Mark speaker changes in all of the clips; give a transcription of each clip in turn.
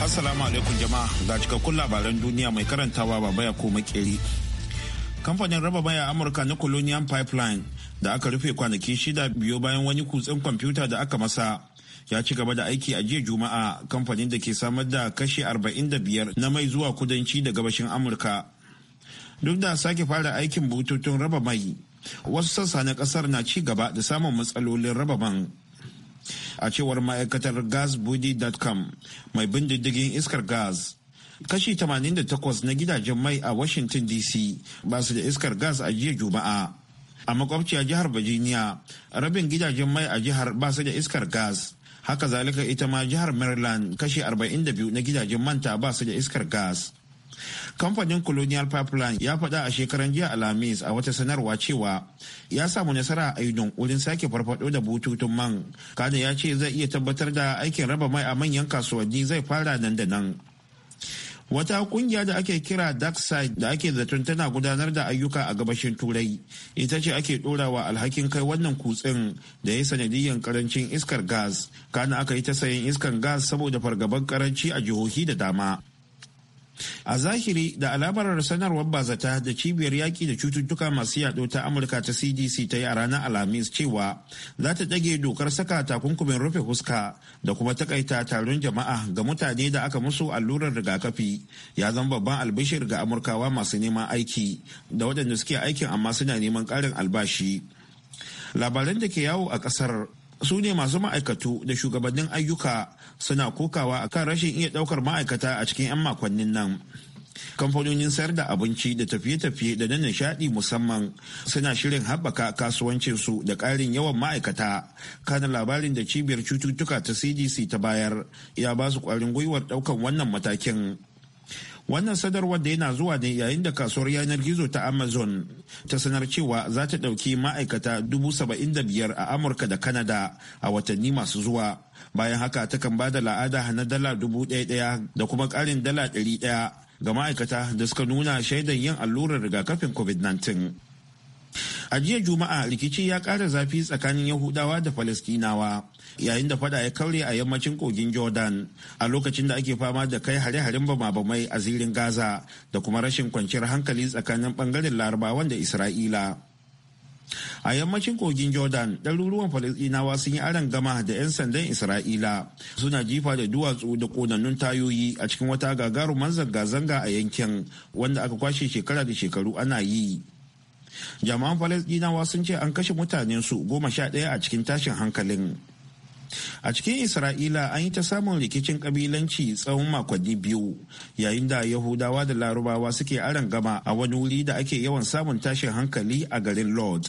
Speaker 1: Assalamu alaikum jama'a ga cikakkun labaran duniya mai karantawa baba ya ko makeri. Kamfanin raba baya Amurka na Colonial Pipeline da aka rufe kwanaki shida biyu bayan wani kutsen kwamfuta da aka masa ya ci gaba da aiki a jiya juma'a kamfanin da ke samar da kashi 45 na mai zuwa kudanci da gabashin amurka duk da sake fara aikin bututun raba mai wasu sassa na kasar na ci gaba da samun matsalolin raba man a cewar ma'aikatar gasbudi.com mai bin diddigin iskar gas kashi 88 na gidajen mai a washington dc ba su da iskar gas a jiya juma'a a makwabciya jihar virginia rabin gidajen mai a jihar ba su da iskar gas haka zalika ita ma jihar maryland kashi 42 na gidajen manta ba su da iskar gas kamfanin colonial pipeline ya faɗa a shekaran jiya alhamis a wata sanarwa cewa ya samu nasara a idon wurin sake farfado da bututun man kana ya ce zai iya tabbatar da aikin raba mai a manyan kasuwanni zai fara nan da nan wata kungiya da ake kira dark da ake zaton tana gudanar da ayyuka a gabashin turai ita ce ake dorawa alhakin kai wannan kutsin da ya sanadiyyar karancin iskar gas kana aka yi ta sayan iskar gas saboda fargaban karanci a jihohi da dama a zahiri da alamar sanarwar bazata da cibiyar yaƙi da cututtuka masu yaɗo ta amurka ta cdc ta yi a ranar alhamis cewa za ta ɗage dokar saka takunkumin rufe fuska da kuma takaita taron jama'a ga mutane da aka musu allurar rigakafi ya zama babban albishir ga amurkawa masu neman aiki da waɗanda suke aikin amma suna neman ƙarin albashi labaran da ke yawo a ƙasar su ne masu ma'aikatu da shugabannin ayyuka suna kokawa a kan rashin iya daukar ma'aikata a cikin 'yan makonnin nan kamfanonin sayar da abinci da tafiye-tafiye da na nishadi musamman suna shirin haɓaka kasuwancinsu da ƙarin yawan ma'aikata kana labarin da cibiyar cututtuka ta cdc ta bayar ya ba su ƙwarin gwiwar ɗaukan wannan matakin wannan sadarwar da yana zuwa ne yayin da kasuwar yanar gizo ta amazon ta sanar cewa za ta ɗauki ma'aikata biyar a amurka da kanada a watanni masu zuwa bayan haka takan ba da la'ada na dala ɗaya da kuma ƙarin dala ɗari ɗaya ga ma'aikata da suka nuna shaidan yin allurar rigakafin covid-19 A jiya Juma'a rikici ya ƙara zafi tsakanin Yahudawa da Falastinawa yayin da fada ya kaure a yammacin kogin Jordan a lokacin da ake fama da kai hare-haren bama-bamai a zirin Gaza da kuma rashin kwanciyar hankali tsakanin bangaren Larabawan da Isra'ila. A yammacin kogin Jordan, ɗaruruwan Falasɗinawa sun yi aron gama da 'yan sandan Isra'ila suna jifa da duwatsu da ƙonannun tayoyi a cikin wata gagarumar zanga-zanga a yankin wanda aka kwashe shekara da shekaru ana yi. jama'an falasdinawa sun ce an kashe mutanen su goma sha ɗaya a cikin tashin hankalin a cikin isra'ila an yi ta samun rikicin kabilanci tsawon makonni biyu yayin da yahudawa da larubawa suke aron gama a wani wuri da ake yawan samun tashin hankali a garin lord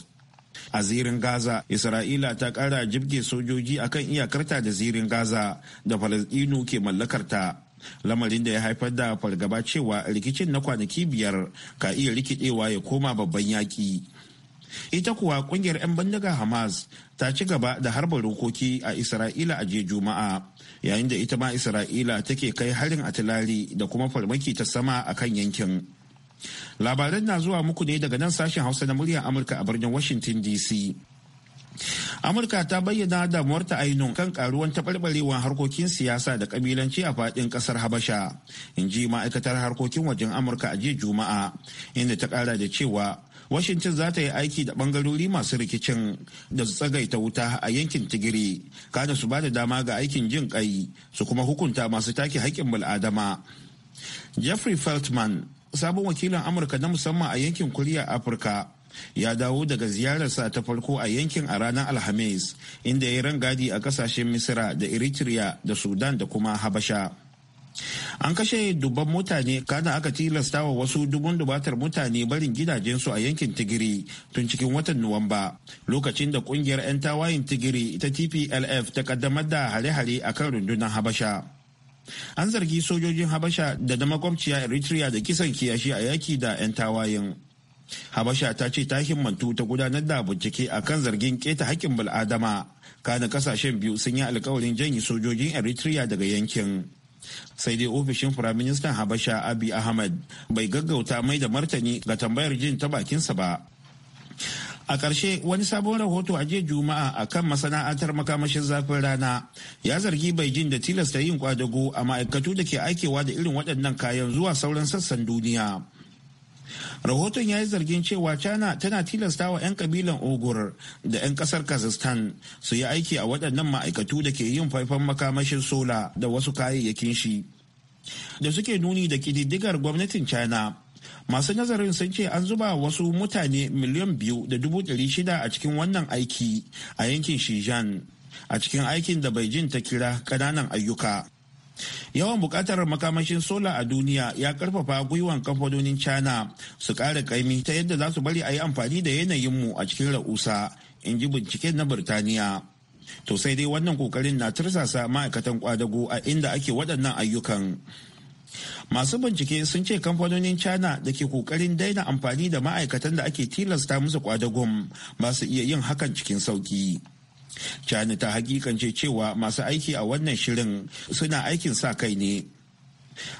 Speaker 1: a zirin gaza isra'ila ta kara jibge sojoji akan iyakarta da zirin gaza da falasdinu ke mallakarta lamarin da ya haifar da fargaba cewa rikicin na kwanaki biyar ka iya rikidewa ya koma babban yaki. ita kuwa kungiyar 'yan bandaga hamas ta ci gaba da harba rokoki a isra'ila a jiya juma'a yayin da ita ma isra'ila take kai harin atilari da kuma farmaki ta sama a kan yankin labaran na zuwa muku ne daga nan sashen hausa na murya amurka a birnin washington dc amurka ta bayyana damuwarta ainihin kan karuwan taɓarɓarewar harkokin siyasa da ƙabilanci a faɗin ƙasar habasha in ji ma'aikatar harkokin wajen amurka a jiya juma'a inda ta ƙara da cewa washington za ta yi aiki da ɓangarori masu rikicin da su tsagaita wuta a yankin tigiri kada su ba da dama ga aikin jin kai su kuma hukunta masu take haƙƙin bil'adama jeffrey feltman sabon wakilin amurka na musamman a yankin kuriya afirka ya dawo daga ziyararsa ta farko a yankin a ranar alhamis inda ya yi rangadi a kasashen misira da eritrea da sudan da kuma habasha an kashe dubban mutane kana aka tilasta wa wasu dubun dubatar mutane barin gidajensu a yankin tigiri tun cikin watan nuwamba lokacin da kungiyar 'yan tawayin tigiri ta tplf ta kaddamar da hare-hare a kan rundunar habasha an zargi sojojin habasha da na makwabciya eritrea da kisan kiyashi a yaki da 'yan tawayen habasha ta ce ta himmantu ta gudanar da bincike a kan zargin keta haƙƙin bil'adama kanin kasashen biyu sun yi alkawarin janye sojojin eritrea daga yankin sai dai ofishin firaministan habasha abi ahmed bai gaggauta mai da martani ga tambayar jin ta bakinsa ba a ƙarshe wani sabon rahoto a jiya juma'a a kan masana'antar makamashin zafin rana ya zargi beijing da tilasta yin kwadago a ma'aikatu da ke aikewa da irin waɗannan kayan zuwa sauran sassan duniya rahoton ya yi zargin cewa china tana tilasta wa 'yan kabilan ogur da 'yan kasar kazakhstan su yi aiki a waɗannan ma'aikatu da ke yin faifan makamashin sola da wasu kayayyakin shi da suke nuni da kididdigar gwamnatin china masu nazarin sun ce an zuba wasu mutane miliyan biyu da dubu ɗari shida a cikin wannan aiki a yankin shijan a cikin aikin da beijing ta kira ƙananan ayyuka Yawan bukatar makamashin sola a duniya ya karfafa gwiwan kamfanonin China su kara kaimi ta yadda za su bari a yi amfani da yanayinmu a cikin ra'usa, in ji binciken na Birtaniya. To sai dai wannan kokarin na tursasa ma'aikatan kwadago a inda ake waɗannan ayyukan. Masu bincike sun ce kamfanonin China da ke kokarin daina amfani da ma'aikatan da ake tilasta musu kwadagon ba su iya yin hakan cikin sauki. chani ta hakikance cewa masu aiki a wannan shirin suna aikin sa kai ne.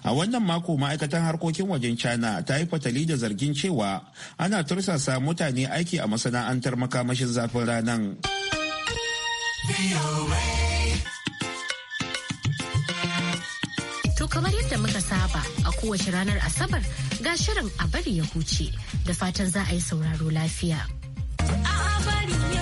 Speaker 1: A wannan mako ma'aikatan harkokin wajen China ta yi fatali da zargin cewa ana tursasa mutane aiki a masana'antar makamashin zafin ranan.
Speaker 2: To kamar yadda muka saba a kowace ranar Asabar ga shirin a bari ya huce da fatan za a yi sauraro lafiya.
Speaker 3: A bari ya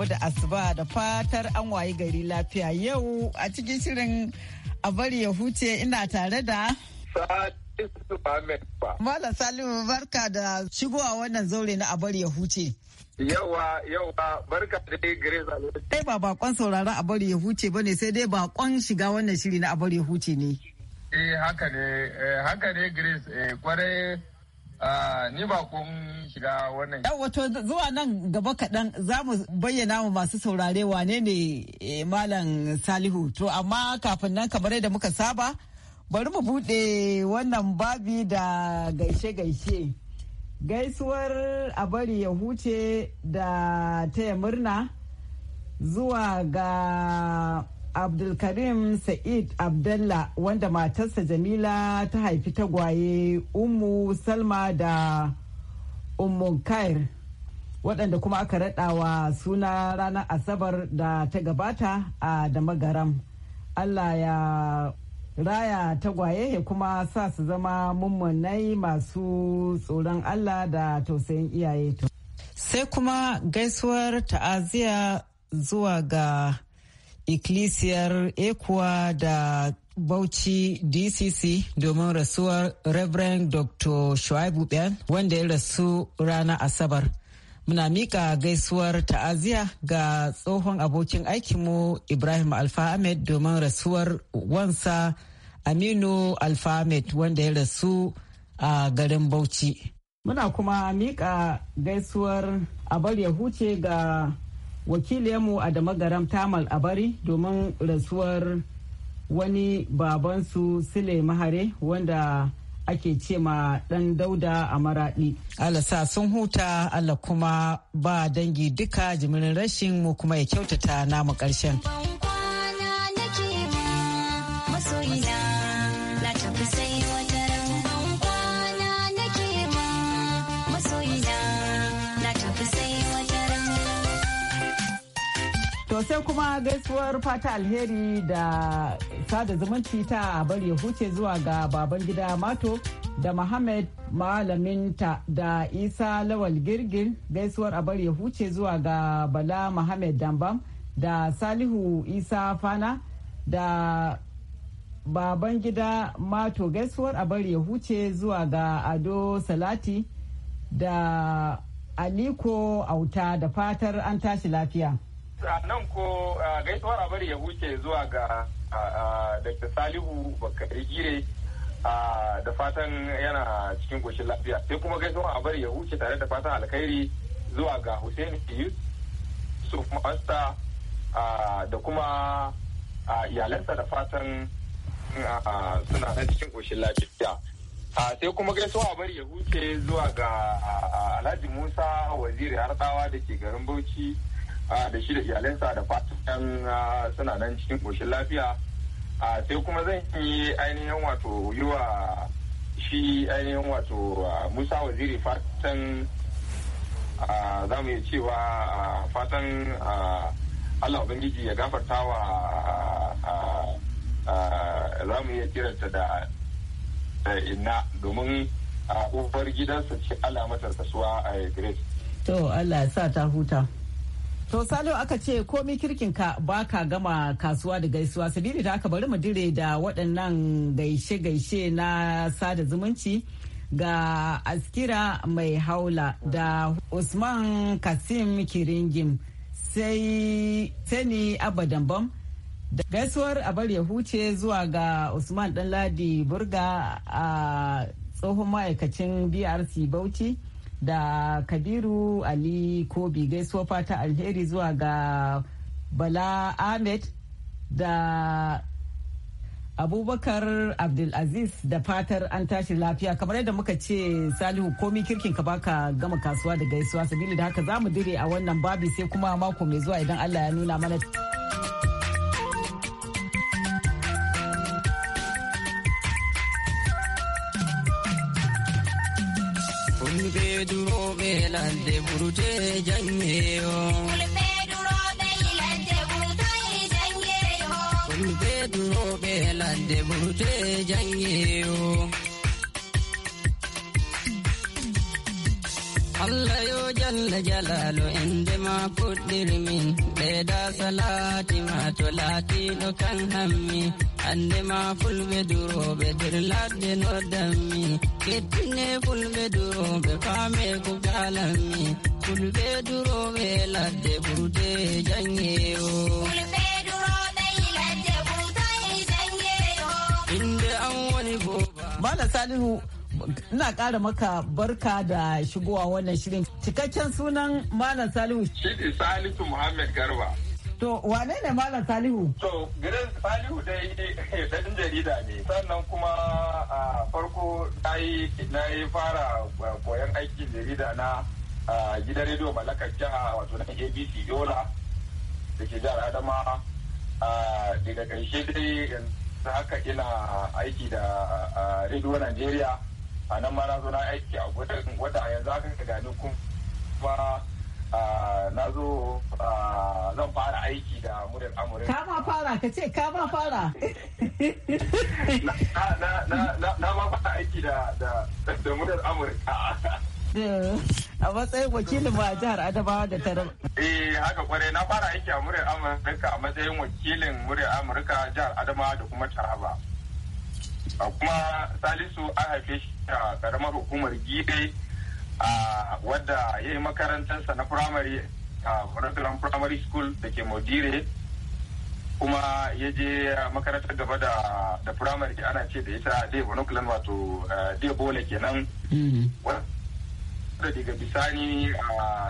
Speaker 4: mu da asuba da fatar an wayi gari lafiya yau a cikin shirin a bari ya huce ina tare da Mala Salimu barka da shigowa wannan zaure na a bari ya huce.
Speaker 5: Yawa yawa barka da Grace
Speaker 4: Alhaji. Sai ba bakon sauraron bari ya huce ba ne sai dai bakon shiga wannan shiri na bari ya huce ne.
Speaker 5: Eh haka ne eh, haka ne Grace eh, kwarai ni ba kun shiga wannan.
Speaker 4: Yau wato zuwa nan gaba kaɗan za mu bayyana mu masu saurare wane ne eh, Malam Salihu. To amma kafin nan kamar yadda muka saba bari mu buɗe wannan babi da gaishe-gaishe. Gaisuwar a bari ya huce da taya murna zuwa ga Abdulkarim Sa'id Abdalla wanda matarsa Jamila ta haifi tagwaye Umu Salma da Ummun Kair waɗanda kuma aka raɗawa suna ranar Asabar da ta gabata a Damagaram. Allah ya raya tagwaye ya kuma sa su zama mummunai masu tsoron Allah da tausayin iyaye. Sai kuma gaisuwar ta'aziya zuwa ga ikkilisiyar ekuwa da Bauchi DCC domin rasuwar Reverend Dr. Shuaibu Ben wanda ya rasu ranar Asabar. Muna mika gaisuwar ta'aziyya ga tsohon abokin aikinmu Ibrahim Alfa Ahmed domin rasuwar wansa Aminu Alfa Ahmed wanda ya rasu a garin Bauchi. Muna kuma mika gaisuwar abar ya huce ga wakiliyarmu a da magaram tamal abari domin rasuwar wani babansu sile mahare wanda ake ce ma dan dauda a maraɗi. Allah sa sun huta Allah kuma ba dangi duka jimirin rashin mu kuma ya kyautata namu ƙarshen. sosai kuma gaisuwar fata alheri da sada zumunci ta bari ya huce zuwa ga baban gida mato da Muhammad malaminta da Isa Lawal Girgir gaisuwar a bari ya huce zuwa ga Bala Muhammad Dambam da Salihu Isa Fana da baban gida mato gaisuwar a bari ya huce zuwa ga Ado Salati da Aliko Auta da fatar an tashi lafiya.
Speaker 5: nan ko gaisuwar abar ya huce zuwa ga Dr. Salihu Bakari Gire da fatan yana cikin goshin lafiya sai kuma gaisuwar abar ya huce tare da fatan alkhairi zuwa ga Hussein Yusuf Masta da kuma iyalansa da fatan suna nan cikin goshin lafiya. sai kuma gaisuwar a bari ya huce zuwa ga alhaji musa waziri Harkawa da ke garin bauchi da shi da iyalinsa da fatan suna nan cikin koshin lafiya sai kuma zan yi ainihin wato yi shi ainihin wato musa waziri fatan za mu iya cewa fatan allah ubangiji ya gafarta wa za mu iya kiranta da inna domin ubar gidansa ce allah matar kasuwa a grace
Speaker 4: to allah sa ta huta To Salo aka ce komi kirkin ba ka gama kasuwa da gaisuwa sabili da aka bari mu dire da waɗannan gaishe-gaishe na sada zumunci ga askira mai haula da Usman Kasim Kiringim sai sani abadambam da gaisuwar abar ya huce zuwa ga Usman Ɗanladi Burga a tsohon ma'aikacin BRC Bauchi. da kabiru ali kobi gaisuwa fata alheri zuwa ga bala ahmed da abubakar abdulaziz da fatar an tashi lafiya kamar yadda muka ce salihu komi kirkin ka baka gama kasuwa da gaisuwa sabili da haka za mu dire a wannan babi sai kuma mako mai zuwa idan allah ya nuna mana.
Speaker 6: lande burute janye yo. Kulbe duro be lande burute janye yo. Allah yo jalla jalalu inde ma fuɗɗirmin salati ma to laatiɗo kan hammi hande ma fulɓe duroɓe nder ladde noddanmi kettine fulɓe duroɓe faame ko galanmi fulɓe duroɓe ladde ɓurde jangewo
Speaker 4: Malam Salihu ina ƙara maka barka da shigowa wannan shirin. Cikakken sunan Malam Salihu.
Speaker 5: Shi Salisu Muhammad Garba.
Speaker 4: To wane ne Malam Salihu?
Speaker 5: To Grace Salihu dai eh, ɗan jarida ne. Sannan kuma a farko na yi fara koyon aikin jarida na gidan rediyo mallakar jiha wato na ABC Yola da ke jihar Adama. Daga ƙarshe dai yanzu haka ina aiki da rediyo Najeriya. a nan ma na zo na aiki a gudun wadda a yanzu aka gani kuma na zo zan fara aiki da muryar amurka ka
Speaker 4: ma fara ka ce ka ma fara
Speaker 5: na ma fara aiki da muryar amurka
Speaker 4: eh, a matsayin wakilin ba jihar adamawa da tarar
Speaker 5: eh haka kware na fara aiki a muryar amurka a matsayin wakilin muryar amurka jihar adamawa da kuma taraba a kuma salisu an haife shi a karamar hukumar gida a wadda ya yi makarantarsa na firamare a Rotterdam primary school da ke modire kuma ya je makarantar gaba da da primary ana ce da ita dai bonoculan wato dai bola kenan mm-hmm. wadda daga bisani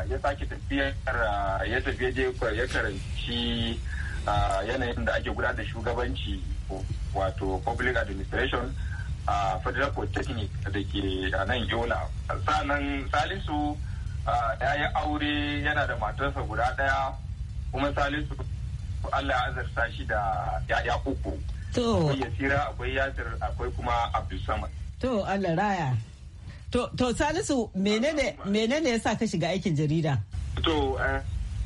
Speaker 5: ya sake tafiyar ya tafiye je ya karanci a yanayin da ake gudanar da shugabanci wato public administration a federal polytechnic da ke a nan yola sanan salisu ya yi aure yana da matarsa guda daya kuma salisu allah ya azarta shi da ya'ya uku akwai yasira akwai yasir akwai kuma abdulsamad
Speaker 4: to allah raya to salisu menene yasa ka shiga aikin jarida
Speaker 5: to eh,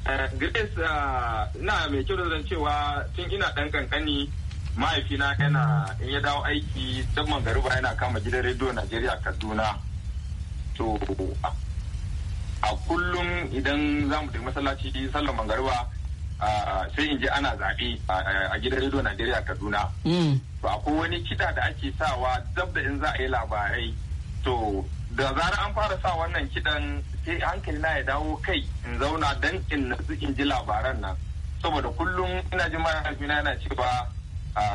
Speaker 5: Eh, Grace eh, na mai kyau da zan cewa tun ina ɗan kankani mahaifina yana in ya dawo aiki dan mangariba yana kama gidan rediyo Najeriya Kaduna. To a kullum idan za mu masallaci sallar mangariba eh, sai in je ana zaɓe a gidan rediyo Najeriya Kaduna. Mm. To akwai wani kiɗa da ake sawa dab da in za a yi labarai. To da zarar an fara sa wannan kidan sai hankali na ya dawo kai in zauna dan in nasu in ji labaran nan saboda kullum ina ji na yana cewa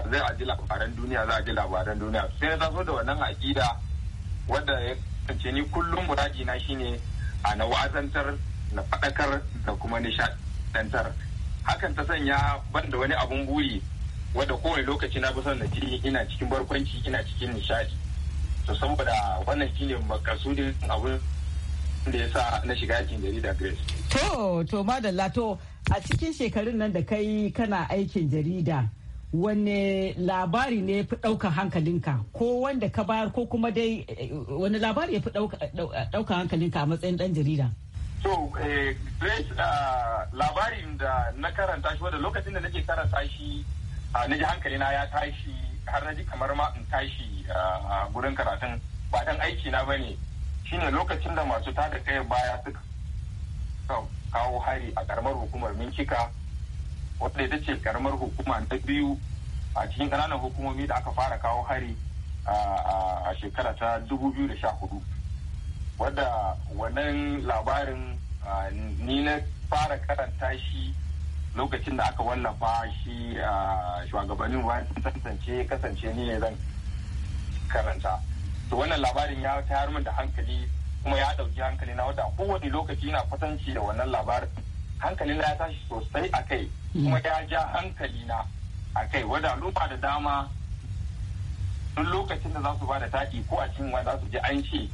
Speaker 5: zai a ji labaran duniya za a ji labaran duniya sai na taso da wannan aƙida wanda ya kasance ni kullum muradi na shine a na wa'azantar na faɗakar da kuma nishaɗantar hakan ta sanya ban da wani abun buri wanda kowane lokaci na fi son na ji ina cikin barkwanci ina cikin nishaɗi to saboda wannan shine makasudin abin da ya sa na shiga aikin jarida grace
Speaker 4: to to madalla to a cikin shekarun nan da kai kana aikin jarida wanne labari ne fi ɗaukar hankalinka ko wanda ka bayar ko kuma dai eh, wani labari ya fi ɗaukar hankalinka a matsayin ɗan jarida
Speaker 5: so eh, grace ah, labarin da na karanta shi wadda lokacin da nake karanta shi ah, na ji hankalina ya tashi har na ji kamar ma in tashi a gurin karatun ba dan aiki na bane shine lokacin da masu tada kai baya suka kawo hari a karamar hukumar mintika wadda ita ce karamar hukuma ta biyu a cikin ƙananan hukumomi da aka fara kawo hari a shekara ta 2014 wadda wannan labarin ni na fara karanta shi lokacin da aka wallafa shi a shugabannin bayan tantance kasance ni ne zan karanta to wannan labarin ya tayar min da hankali kuma ya ɗauki hankali na wata kowane lokaci ina kwatanci da wannan labarin hankali na ya tashi sosai a kai hmm. kuma ya ja hankali na a kai wadda lupa da dama duk lokacin da za su ba da taki ko a cikin wa za su ji an ce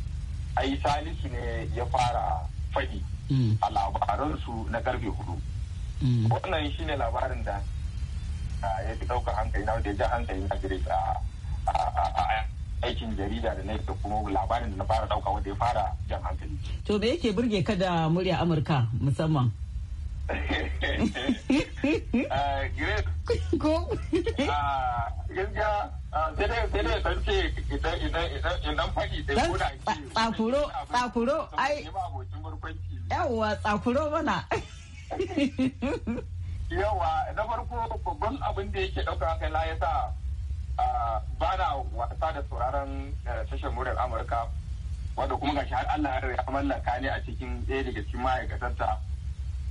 Speaker 5: ai salisu ne ya fara faɗi hmm. a labaransu na karfe hudu Mm. wannan shi ne labarin da ah, ya fi ɗaukar hankali na wanda ya ja hankali na gire a aikin jarida da na da kuma labarin da na fara ɗauka wanda ya fara jan hankali.
Speaker 4: To me yake burge ka da murya Amurka musamman?
Speaker 5: Ah, Grace. Ko? Ah, gaskiya sai dai sai dai san ce idan idan idan idan faɗi sai ko da
Speaker 4: tsakuro tsakuro ai. Yawwa tsakuro mana.
Speaker 5: yawa na farko babban abin da yake ɗauka hankali ya sa ba na wasa da sauraron eh, tashar muryar amurka wanda kuma gashi har allah ya mallaka ne a cikin ɗaya daga cikin ma'aikatarta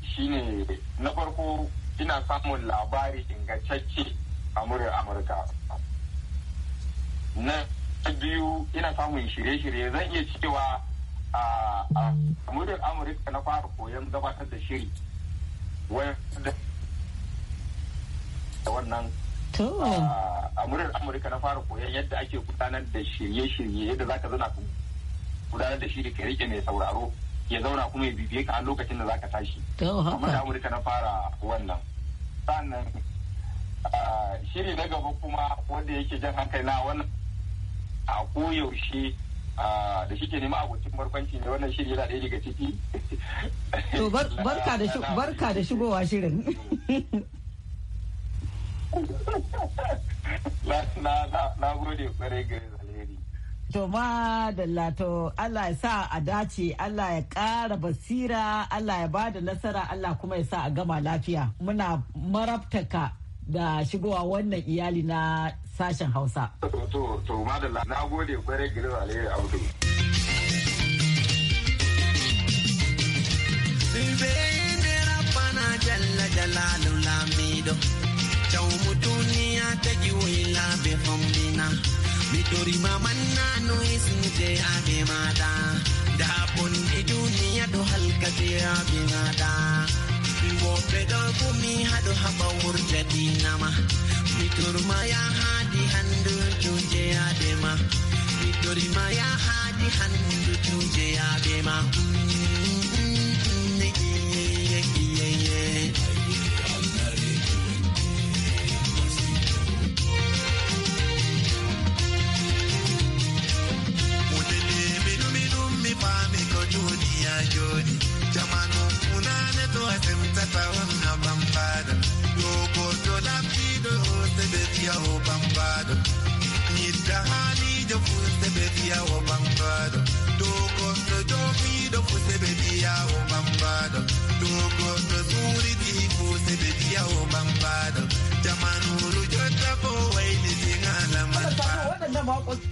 Speaker 5: shine na farko ina samun labari ingantacce a muryar amurka na biyu ina samun shirye-shirye zan iya cewa a muryar amurka na fara koyon gabatar da shiri wannan a muryar amurka na fara koyon yadda ake gudanar da shirye-shirye yadda zaka zana gudanar da shi da rike mai sauraro ya zauna kuma ya bibiye ka a lokacin da zaka tashi
Speaker 4: kamar da
Speaker 5: amurka na fara wannan sannan shiri na gaba kuma wanda yake jan hankali na wannan a koyaushe Ah, da shi ke nema abokin barkwanci ne wannan shiri yana ɗaya daga ciki. To barka
Speaker 4: da shigowa shirin.
Speaker 5: Na gode kwarai gare zaleri.
Speaker 4: To ma da lato Allah ya sa a dace Allah ya ƙara basira Allah ya bada nasara Allah kuma ya sa a gama lafiya. Muna marabtaka da shigowa wannan iyali na sashen Hausa.
Speaker 5: To, to, madalla, na gode kwarai gidan Alheri Abdu.
Speaker 6: jalla jalalu lamido caw mutuniya ta woyla be fombina mi torima manna no ismite abe mata da bonɗe duniya ɗo halkate abe mata woɓɓe ɗo gumi haɗo haɓa wurjadinama Vitor Maya hadi handu tuje ya dema. Vitor Maya hadi handu tuje ya dema.
Speaker 7: Jodi, jodi, jamanu, unane doa semta haba. bambado yidda hali da fuste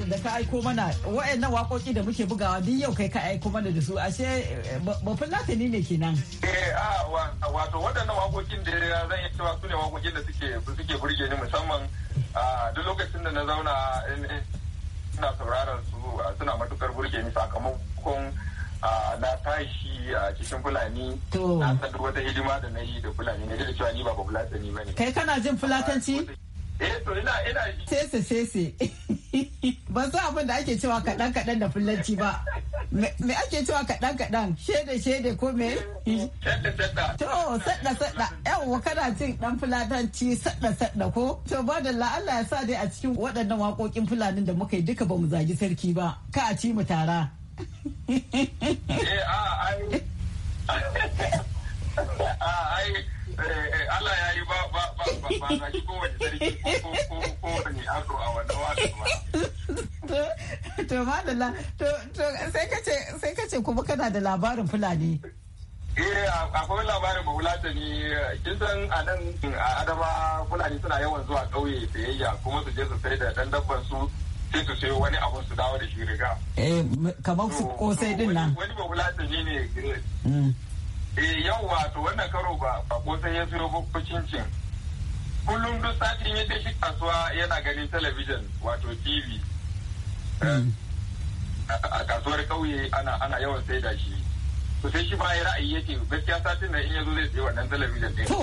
Speaker 4: da ka aiko mana waɗannan da muke bugawa duk yau kai ka aiko mana da su ashe eh, bafin latini ne kenan. Eh
Speaker 5: a wato waɗannan waƙoƙin da zan iya cewa su ne waƙoƙin da suke burge ni musamman duk lokacin da na zauna eh, eh, ina sauraron su suna matukar burge ni sakamakon na tashi a cikin fulani na sadu wata hidima da na yi da fulani ne da cewa ni ba ba fulatani ba ne kai
Speaker 4: kana jin fulatanci Sese sese. Ban san abin da ake cewa kaɗan kaɗan da fullanci ba. Me ake cewa kaɗan kaɗan? Shede shede ko me? Sadda sadda. To sadda sadda. Yawwa kana cin ɗan fulatanci sadda sadda ko? To ba da Allah ya sa dai a cikin waɗannan waƙoƙin fulanin da muka yi duka ba mu zagi sarki ba. Ka a ci mu tara. Eh,
Speaker 5: ah, ah, eh, eh, Allah ya yi ba ba ba ki kowane sarki ko kowane yaro a wannan wasan
Speaker 4: ba. To madalla to sai kace sai kace kuma kana da labarin Fulani.
Speaker 5: Eh akwai labarin bahulata ne kin san a nan a Adama Fulani suna yawan zuwa ƙauye sayayya kuma su je su sai da ɗan dabban su sai su sayo wani abu su dawo da shi
Speaker 4: riga. Eh kamar su kosai din nan. Wani
Speaker 5: bahulata ne ne. Mm. Eh yawwa to wannan karo ba ba kosai ya sayo ko cincin. kullum duk satin yadda shi kasuwa yana ganin talabijin wato tv eh, hmm. a kasuwar kauye ana yawan sai da shi to sai shi ba ya ra'ayi yake gaskiya satin na in zo zai sai wannan talabijin ne to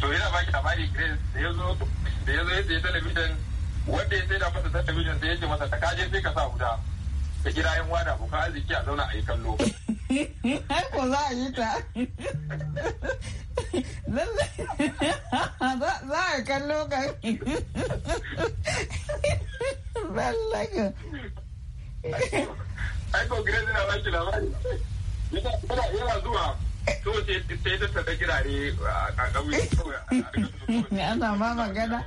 Speaker 5: to yana ba ki labari grace da zo da zo ya sai talabijin wanda ya sai da masa talabijin sai ya ce masa ta kaje sai ka sa huta ka kira yan wada ka arziki a zauna a yi kallo.
Speaker 4: Ko za a yi ta. Za a kallo ka. Lallaka.
Speaker 5: Ai, Congress na baki labari. Yana zuwa to sai ta tada girare a ƙauye.
Speaker 4: Ana ba magana.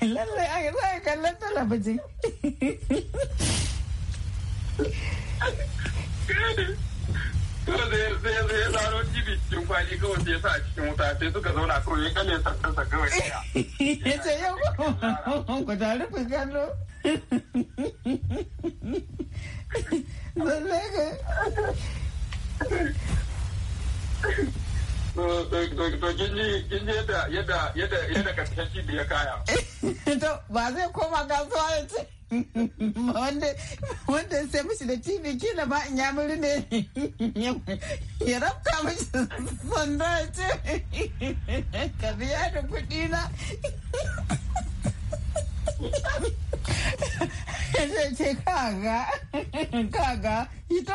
Speaker 4: lallai a za a kallon talabijin
Speaker 5: kawai zai zai zai zaro tibi cikin kwali kawai sai sa a cikin wuta sai suka zauna kawai ya kalle sarkarsa kawai
Speaker 4: ya ce yau ku tare ku kallo zai zai
Speaker 5: yadda
Speaker 4: eh, ba zai koma kasuwa ya ce wanda ya sai mishi da cibi kila ba in ya muri ne ya rafta mishi sanda ya ce ka biya da kuɗi na. ya ce kaga kaga ito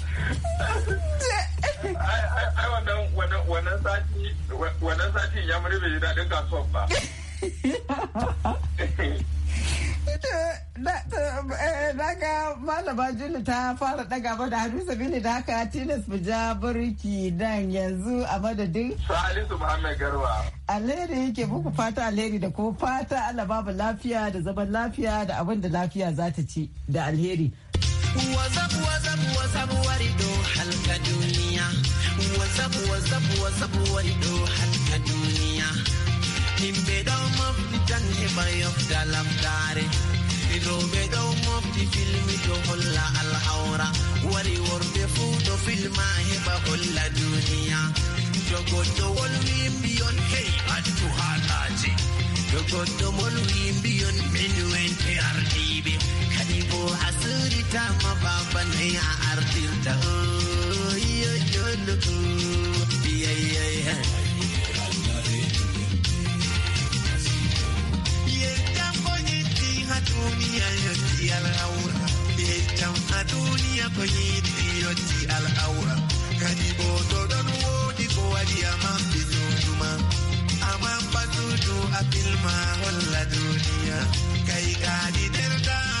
Speaker 5: wannan sati ya muni bai daɗin kasuwan ba.
Speaker 4: Daga malama Juli ta fara daga ba da hannu sabini da haka tilas mu ja bariki dan yanzu a madadin. Salisu
Speaker 5: Muhammad Garba.
Speaker 4: Alheri yake muku fata alheri da ko fata Allah babu lafiya da zaman lafiya da abin da lafiya za ta ci da alheri.
Speaker 5: wazap wazap wazap
Speaker 6: warido halka duniya wazap wazap wazap warido halka duniya himɓe ɗo mofti tan heɓa yofta lamtare rewɓe ɗo mofti filmi ɗo holla alhawra wari worɓe fuu ɗo filma heɓa holla duniya to goɗɗo wolwi mbiyon hey addu haalaje to goɗɗo molwi mbiyon min wente ardiɓe ko asiri ta mababan ne a artin ta duniya
Speaker 7: yotti al'aura yettan a duniya ko yitti yotti al'aura kadi bo to don wodi ko wadi aman bizutuma aman batutu apilma holla duniya kai kadi derdaa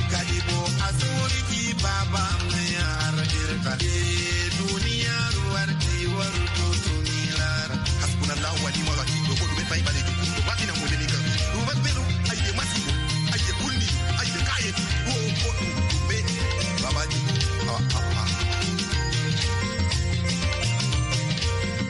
Speaker 7: kadibo a tsoriki baba mai har